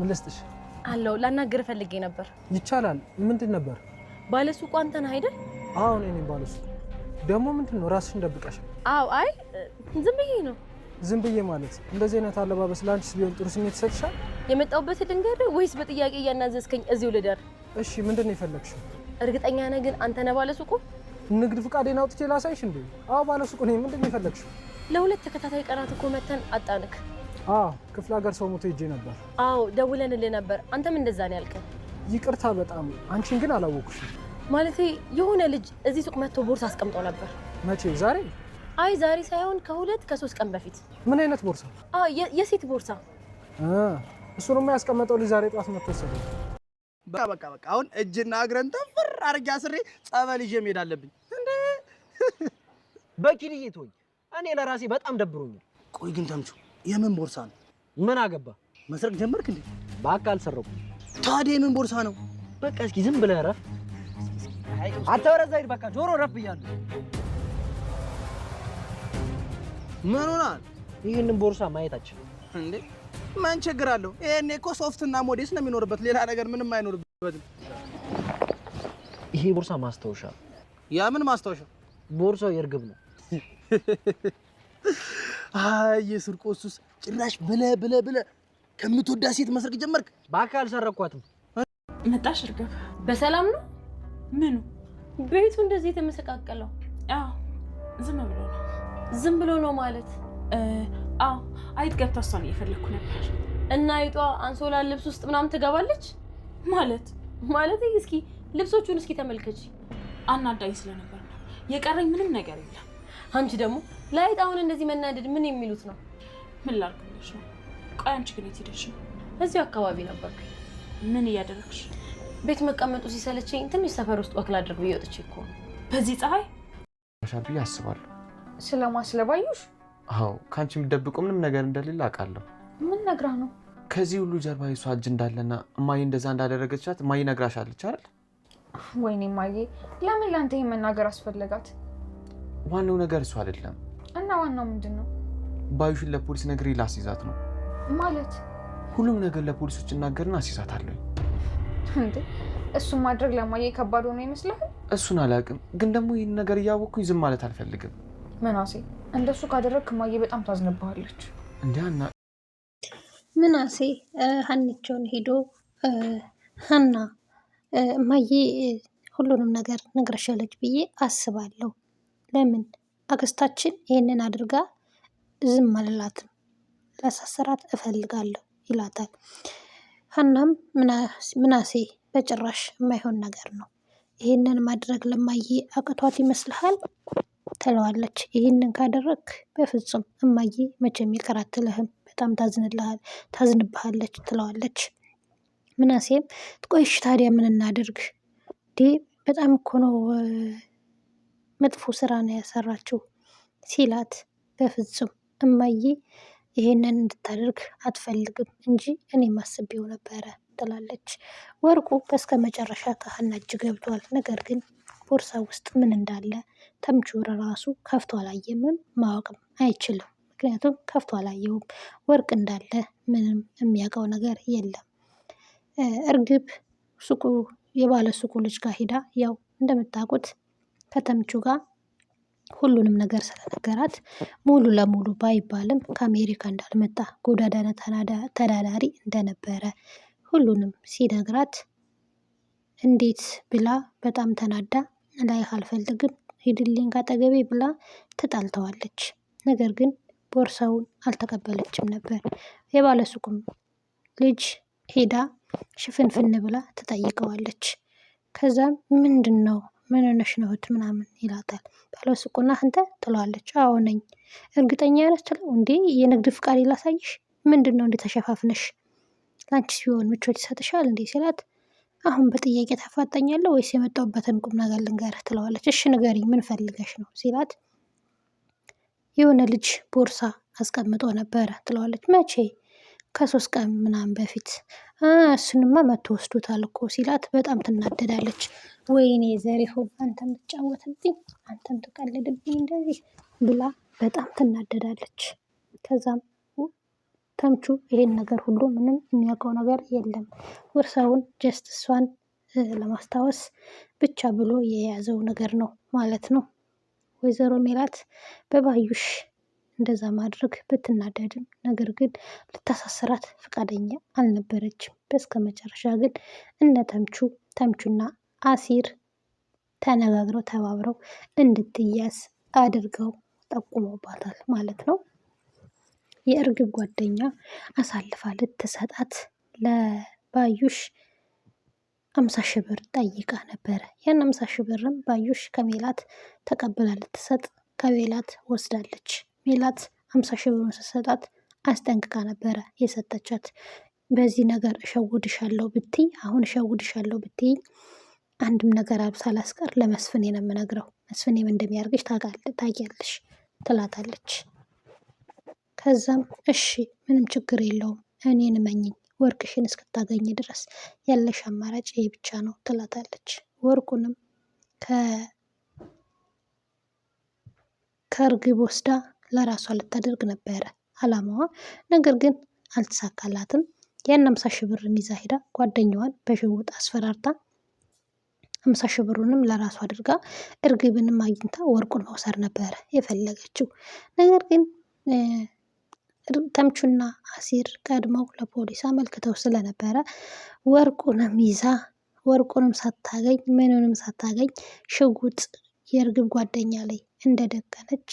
ምን ልስጥሽ? አለው ላናግርህ ፈልጌ ነበር። ይቻላል። ምንድን ነበር? ባለሱቁ አንተ ነህ አይደል? አዎ እኔ ነኝ ባለሱቁ። ደግሞ ምንድን ነው ራስሽን ደብቀሽ? አዎ። አይ ዝም ብዬ ነው። ዝም ብዬ ማለት እንደዚህ አይነት አለባበስ ለአንቺስ ቢሆን ጥሩ ስሜት ይሰጥሻል? የመጣሁበትን ልንገርህ ወይስ በጥያቄ እያናዘዝከኝ እዚሁ ልደር? እሺ ምንድን ነው የፈለግሽው? እርግጠኛ ነህ ግን አንተ ነህ ባለሱቁ? ንግድ ፍቃዴን አውጥቼ ላሳይሽ እንዴ? አዎ ባለሱቁ ነኝ። ምንድን ነው የፈለግሽው? ለሁለት ተከታታይ ቀናት እኮ መተን አጣንክ። አዎ ክፍለ ሀገር ሰው ሞቶ ሄጄ ነበር። አዎ ደውለንልህ ነበር። አንተም እንደዛ ነው ያልከኝ። ይቅርታ በጣም አንቺን ግን አላወኩሽም። ማለቴ የሆነ ልጅ እዚህ ሱቅ መጥቶ ቦርሳ አስቀምጦ ነበር። መቼ? ዛሬ? አይ ዛሬ ሳይሆን ከሁለት ከሶስት ቀን በፊት። ምን አይነት ቦርሳ? አዎ የሴት ቦርሳ። እሱንማ ያስቀመጠው ልጅ ዛሬ ጠዋት መጥቶ በቃ በቃ በቃ አሁን እጅና እግረን ጠፍር አድርጌ አስሬ ጸበል ይዤ መሄድ አለብኝ። እንዴ በኪልዬ ተወኝ። እኔ ለራሴ በጣም ደብሮኛል። ቆይ ግን ተምቹ የምን ቦርሳ ነው? ምን አገባ? መስረቅ ጀመርክ እንዴ? በቃ አልሰረኩም። ታዲያ የምን ቦርሳ ነው? በቃ እስኪ ዝም ብለህ ረፍ። አንተ በቃ ጆሮ ረፍ ብያለሁ። ምን ሆናል? ይህንን ቦርሳ ማየታችን እንዴ? ምን ችግር አለው? ይሄኔ እኮ ሶፍትና ሞዴስ ነው የሚኖርበት፣ ሌላ ነገር ምንም አይኖርበትም። ይሄ ቦርሳ ማስታወሻ። ያ ምን ማስታወሻ? ቦርሳው የእርግብ ነው። የስርቆት ሱስ ጭራሽ ብለ ብለ ብለ ከምትወዳት ሴት መስረቅ ጀመርክ። በአካል አልሰረኳትም። መጣሽ እርግብ? በሰላም ነው? ምኑ ቤቱ እንደዚህ የተመሰቃቀለው? አዎ ዝም ብሎ ነው። ዝም ብሎ ነው ማለት? አዎ አይጥ ገብታ እሷን እየፈለግኩ ነበር። እና አይጧ አንሶላ ልብስ ውስጥ ምናምን ትገባለች ማለት ማለት እስኪ ልብሶቹን እስኪ ተመልከች። አናዳኝ ስለነበር ነው። የቀረኝ ምንም ነገር የለም አንቺ ደግሞ ላይት አሁን እንደዚህ መናደድ ምን የሚሉት ነው? ምን ላርግልሽ ነው? ቆይ አንቺ ግን የት ሄደሽ ነው? እዚሁ አካባቢ ነበርኩ። ምን እያደረግሽ? ቤት መቀመጡ ሲሰለቸኝ ትንሽ ሰፈር ውስጥ ወክል አድርግ ብዬ ወጥቼ እኮ ነው። በዚህ ፀሐይ ብዬ አስባለሁ። ስለማ ስለባዩሽ? አዎ ከአንቺ የምትደብቁ ምንም ነገር እንደሌለ አውቃለሁ። ምን ነግራ ነው? ከዚህ ሁሉ ጀርባ የሷ እጅ እንዳለና እማዬ እንደዛ እንዳደረገቻት እማዬ ነግራሻለች አይደል? ወይኔ እማዬ፣ ለምን ለአንተ ይሄን መናገር አስፈለጋት? ዋናው ነገር እሱ አይደለም። እና ዋናው ምንድን ነው? ባዩሽን ለፖሊስ ነግሬ ላስይዛት ነው ማለት። ሁሉም ነገር ለፖሊሶች እናገርና አለኝ። እንዴ እሱን ማድረግ ለማየ ከባድ ሆኖ ይመስላል። እሱን አላውቅም፣ ግን ደግሞ ይህን ነገር እያወቅኩኝ ዝም ማለት አልፈልግም። ምናሴ እንደሱ ካደረግክ ማየ በጣም ታዝንብሃለች። እንዲና ምናሴ ሀኒቸውን ሄዶ ሀና ማየ ሁሉንም ነገር ነግረሻለች ብዬ አስባለሁ ለምን አክስታችን ይህንን አድርጋ ዝም አልላትም ላሳስራት እፈልጋለሁ ይላታል። ሀናም ምናሴ በጭራሽ የማይሆን ነገር ነው ይህንን ማድረግ ለማየ አቅቷት ይመስልሃል? ትለዋለች። ይህንን ካደረግ በፍጹም እማዬ መቼም ይቅር አትልህም፣ በጣም ታዝንብሃለች ትለዋለች። ምናሴም ቆይሽ ታዲያ ምን እናድርግ? በጣም እኮ ነው መጥፎ ስራ ነው ያሰራችው ሲላት በፍጹም እማዬ ይሄንን እንድታደርግ አትፈልግም እንጂ እኔ ማስቤው ነበረ ትላለች። ወርቁ በስከ መጨረሻ ከሀና እጅ ገብቷል። ነገር ግን ቦርሳ ውስጥ ምን እንዳለ ተምቹ ራሱ ከፍቶ አላየምም ማወቅም አይችልም። ምክንያቱም ከፍቶ አላየውም። ወርቅ እንዳለ ምንም የሚያውቀው ነገር የለም። እርግብ ሱቁ የባለ ሱቁ ልጅ ጋር ሂዳ ያው እንደምታውቁት ከተምቹ ጋር ሁሉንም ነገር ስለነገራት ሙሉ ለሙሉ ባይባልም ከአሜሪካ እንዳልመጣ ጎዳዳነ ተዳዳሪ እንደነበረ ሁሉንም ሲነግራት እንዴት ብላ በጣም ተናዳ ላይህ አልፈልግም ሂድልኝ ካጠገቤ ብላ ተጣልተዋለች። ነገር ግን ቦርሳውን አልተቀበለችም ነበር። የባለሱቁም ልጅ ሄዳ ሽፍንፍን ብላ ትጠይቀዋለች። ከዛም ምንድን ነው ምን ሆነሽ ነው እህት ምናምን ይላታል። ባለው ስቁና አንተ ትለዋለች። አዎ ነኝ። እርግጠኛ ነች ትለው። እንዴ የንግድ ፍቃድ ላሳይሽ? ምንድን ነው እንዴ ተሸፋፍነሽ? ለአንቺስ ሲሆን ምቾት ይሰጥሻል እንዴ ሲላት አሁን በጥያቄ ታፋጠኛለሁ ወይስ የመጣሁበትን ቁም ነገር ልንገርህ? ትለዋለች። እሺ ንገሪኝ፣ ምን ፈልገሽ ነው ሲላት የሆነ ልጅ ቦርሳ አስቀምጦ ነበረ ትለዋለች። መቼ? ከሶስት ቀን ምናምን በፊት እሱንማ መቶ ወስዶታል እኮ ሲላት በጣም ትናደዳለች። ወይኔ ዘሪሁን አንተም ትጫወትብኝ፣ አንተም ትቀልድብኝ እንደዚህ ብላ በጣም ትናደዳለች። ከዛም ተምቹ ይሄን ነገር ሁሉ ምንም የሚያውቀው ነገር የለም። ውርሳውን ጀስት እሷን ለማስታወስ ብቻ ብሎ የያዘው ነገር ነው ማለት ነው። ወይዘሮ ሜላት በባዩሽ እንደዛ ማድረግ ብትናደድም ነገር ግን ልታሳስራት ፈቃደኛ አልነበረችም። በስከ መጨረሻ ግን እነ ተምቹ ተምቹና አሲር ተነጋግረው ተባብረው እንድትያዝ አድርገው ጠቁመባታል ማለት ነው። የእርግብ ጓደኛ አሳልፋ ልትሰጣት ለባዩሽ አምሳ ሺህ ብር ጠይቃ ነበረ። ያን አምሳ ሺህ ብርም ባዩሽ ከሜላት ተቀብላ ልትሰጥ ከሜላት ወስዳለች። ሜላት ሀምሳ ሺህ ብሩን ስትሰጣት አስጠንቅቃ ነበረ የሰጠቻት። በዚህ ነገር እሸውድሻለሁ ብትይ አሁን እሸውድሻለሁ ብትይ አንድም ነገር ላስቀር ለመስፍን ነው የምነግረው። መስፍኔም እንደሚያርግሽ ታውቂያለሽ ትላታለች። ከዛም እሺ ምንም ችግር የለውም እኔን እመኝኝ ወርቅሽን እስክታገኝ ድረስ ያለሽ አማራጭ ይሄ ብቻ ነው ትላታለች። ወርቁንም ከእርግብ ወስዳ ለራሷ ልታደርግ ነበረ አላማዋ። ነገር ግን አልተሳካላትም። ያን አምሳ ሺ ብር ይዛ ሄዳ ጓደኛዋን በሽጉጥ አስፈራርታ አምሳ ሺ ብሩንም ለራሷ አድርጋ እርግብንም አግኝታ ወርቁን መውሰድ ነበረ የፈለገችው። ነገር ግን ተምቹና አሲር ቀድመው ለፖሊስ አመልክተው ስለነበረ ወርቁንም ይዛ ወርቁንም ሳታገኝ ምንንም ሳታገኝ ሽጉጥ የእርግብ ጓደኛ ላይ እንደደቀነች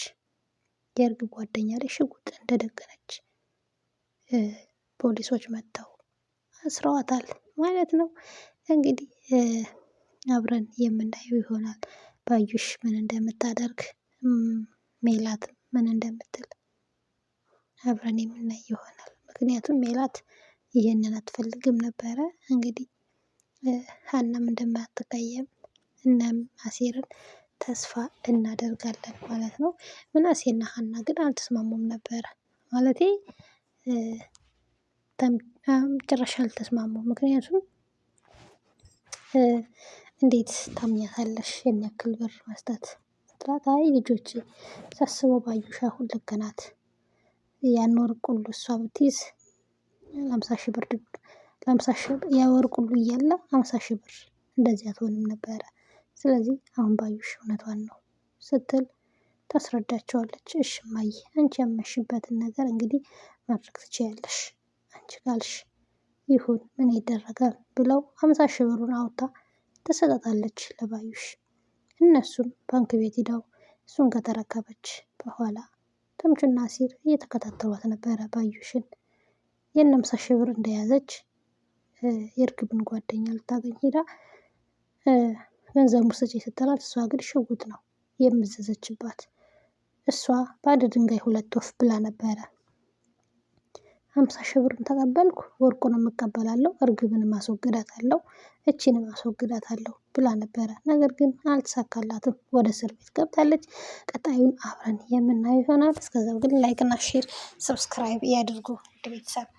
የእርግ ጓደኛ ላይ ሽጉጥ እንደደቀነች ፖሊሶች መጥተው አስረዋታል ማለት ነው። እንግዲህ አብረን የምናየው ይሆናል ባዩሽ ምን እንደምታደርግ ሜላት ምን እንደምትል አብረን የምናይ ይሆናል። ምክንያቱም ሜላት ይህንን አትፈልግም ነበረ። እንግዲህ ሀናም እንደማትቀየም እናም አሴርን ተስፋ እናደርጋለን ማለት ነው። ምናሴና ሀና ግን አልተስማሙም ነበረ ማለቴ ጭራሽ አልተስማሙም። ምክንያቱም እንዴት ታምኛታለሽ ያን ያክል ብር መስጠት ስትላት አይ ልጆቼ ሳስበው ባዩሽ አሁን ልክ ናት ያን እሷ ብትይዝ ለአምሳ ሺህ ብር ለአምሳ ሺህ ያ ወርቅ እያለ አምሳ ሺህ ብር እንደዚህ አትሆንም ነበረ ስለዚህ አሁን ባዩሽ እውነቷን ነው ስትል ታስረዳቸዋለች። እሽ ማየ አንቺ ያመሽበትን ነገር እንግዲህ ማድረግ ትችያለሽ፣ አንቺ ካልሽ ይሁን ምን ይደረጋል ብለው ሀምሳ ሺህ ብሩን አውጥታ ትሰጣታለች ለባዩሽ። እነሱም ባንክ ቤት ሂደው እሱን ከተረከበች በኋላ ተምቹና ሲር እየተከታተሏት ነበረ ባዩሽን። ይህን ሀምሳ ሺህ ብር እንደያዘች የእርግብን ጓደኛ ልታገኝ ሄዳ ገንዘቡ ስጪ ስትላት እሷ ግን ሽጉጥ ነው የምዘዘችባት። እሷ ባለ ድንጋይ ሁለት ወፍ ብላ ነበረ። አምሳ ሺህ ብርም ተቀበልኩ ወርቁንም እቀበላለሁ እርግብንም እቺን እቺንም አለው ብላ ነበረ። ነገር ግን አልተሳካላትም፣ ወደ እስር ቤት ገብታለች። ቀጣዩን አብረን የምናየው ይሆናል። እስከዛው ግን ላይክና ሼር ሰብስክራይብ እያድርጉ ቤተሰብ።